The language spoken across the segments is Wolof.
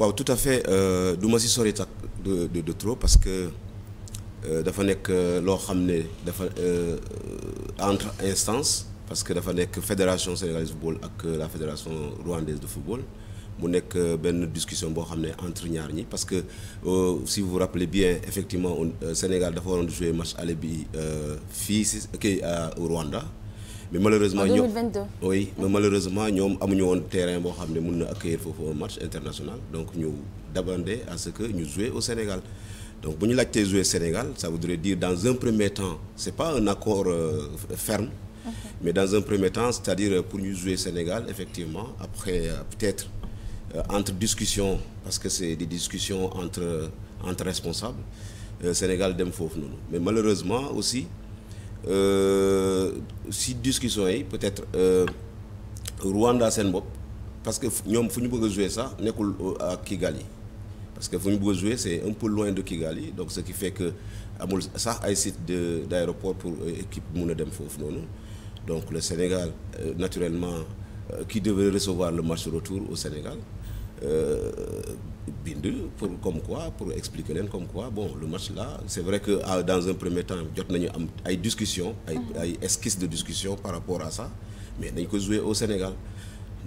waaw tout à fait euh, du ma si sori tak de de trop parce que euh, dafa nekk euh, loo xam ne dafa entre instance parce que dafa nekk fédération sénégalaise ak la fédération rwandaise de football mu nekk benn discussion boo xam ne entre ñaar ñi parce que euh, si vous vous bien effectivement on, Sénégal dafa waroon jouer match aller bi fii si kii Rwanda mais malheureusement ñoom 2022 oui mais mm-hmm. ñoom amuñu woon terrain boo xam ne mun na accueillir foofu un match international donc ñu demander à ce que ñu jouer au Sénégal donc bu ñu laajtee jouer Sénégal ça voudrait dire dans un premier temps c'est pas un accord euh, ferme mais dans un premier euh, pour ñu jouer Sénégal effectivement après euh, peut-être entre discussion parce que c'est des discussions entre entre responsables Sénégal dem foofu noonu mais malheureusement aussi Euh, si discussions yi peut-être euh, Rwanda seen bopp parce que ñoom fu ñu bëgg a jouer sax nekkul euh, à Kigali parce que fu ñu bëgg a jouer c'est un peu loin de Kigali donc ce qui fait que amul sax ay site de d'aéroport pour équipe mun a dem foofu noonu donc le Sénégal naturellement qui devrait recevoir le match retour au Sénégal Euh, bind pour comme quoi pour expliquer leen comme quoi bon lu match la c'est vre que ah, dans un premier temps jot nañu am ay discussion ay ah. ay esquisse de discussion par rapport à sax mais dañ ko jouer au Sénégal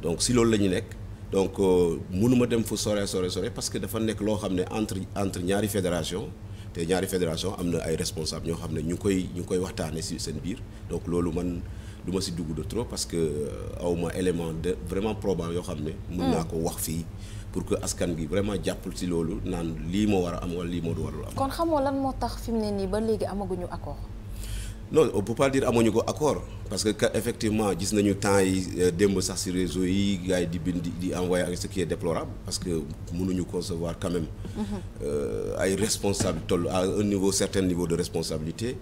donc si loolu la ñu nekk donc euh, mënuma dem fu sore sore sore parce que dafa nekk loo xam ne entre entre ñaari fédération te ñaari fédération am na ay responsable ñoo xam ne ñu ngi koy ñu ngi koy waxtaane si seen biir donc loolu man du ma si dugg de trop parce que euh, awma élément de vraiment probant yoo xam ne mën naa mm. ko wax fii pour que askan bi vraiment jàppul si loolu naan lii moo war a am wala lii moo du warul am kon xamoo lan moo tax fi mu ne nii ba léegi amaguñu accord non on peut pas ko accord parce que effectivement gis nañu temps yi euh, démb sax si réseau yi gars yi di bind di envoyé ak ce qui déplorable parce que mënuñu concevoir quand même mm-hmm. euh, ay responsable toll à niveau certain niveau de responsabilité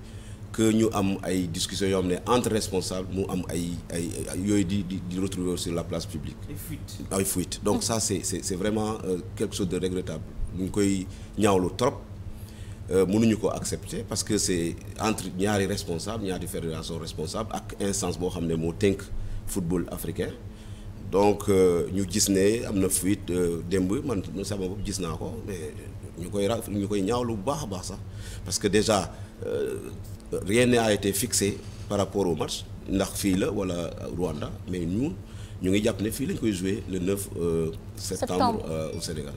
que ñu am ay discussions yoo xam ne entre responsable mu am ay ay yooyu di di di retrouver sur la place publique. ay fuites ay fuites donc ça c'est c'est c'est vraiment euh, quelque chose de regrettable ñu koy ñaawlu trop euh, mënuñu ko accepter parce que c'est entre ñaari responsable ñaari fédération responsable ak instance boo xam ne moo tënk football africain donc euh, ñu gis ne am na fuite démb man sama bopp gis naa ko ñu koy ra ñu koy ñaawlu bu baax a baax sax parce que déjà. rien n'a été par rapport au match ndax fii la wala Rwanda mais ñun ñu ngi jàpp ne fii lañ koy jouer le 9 euh, septembre euh, au Sénégal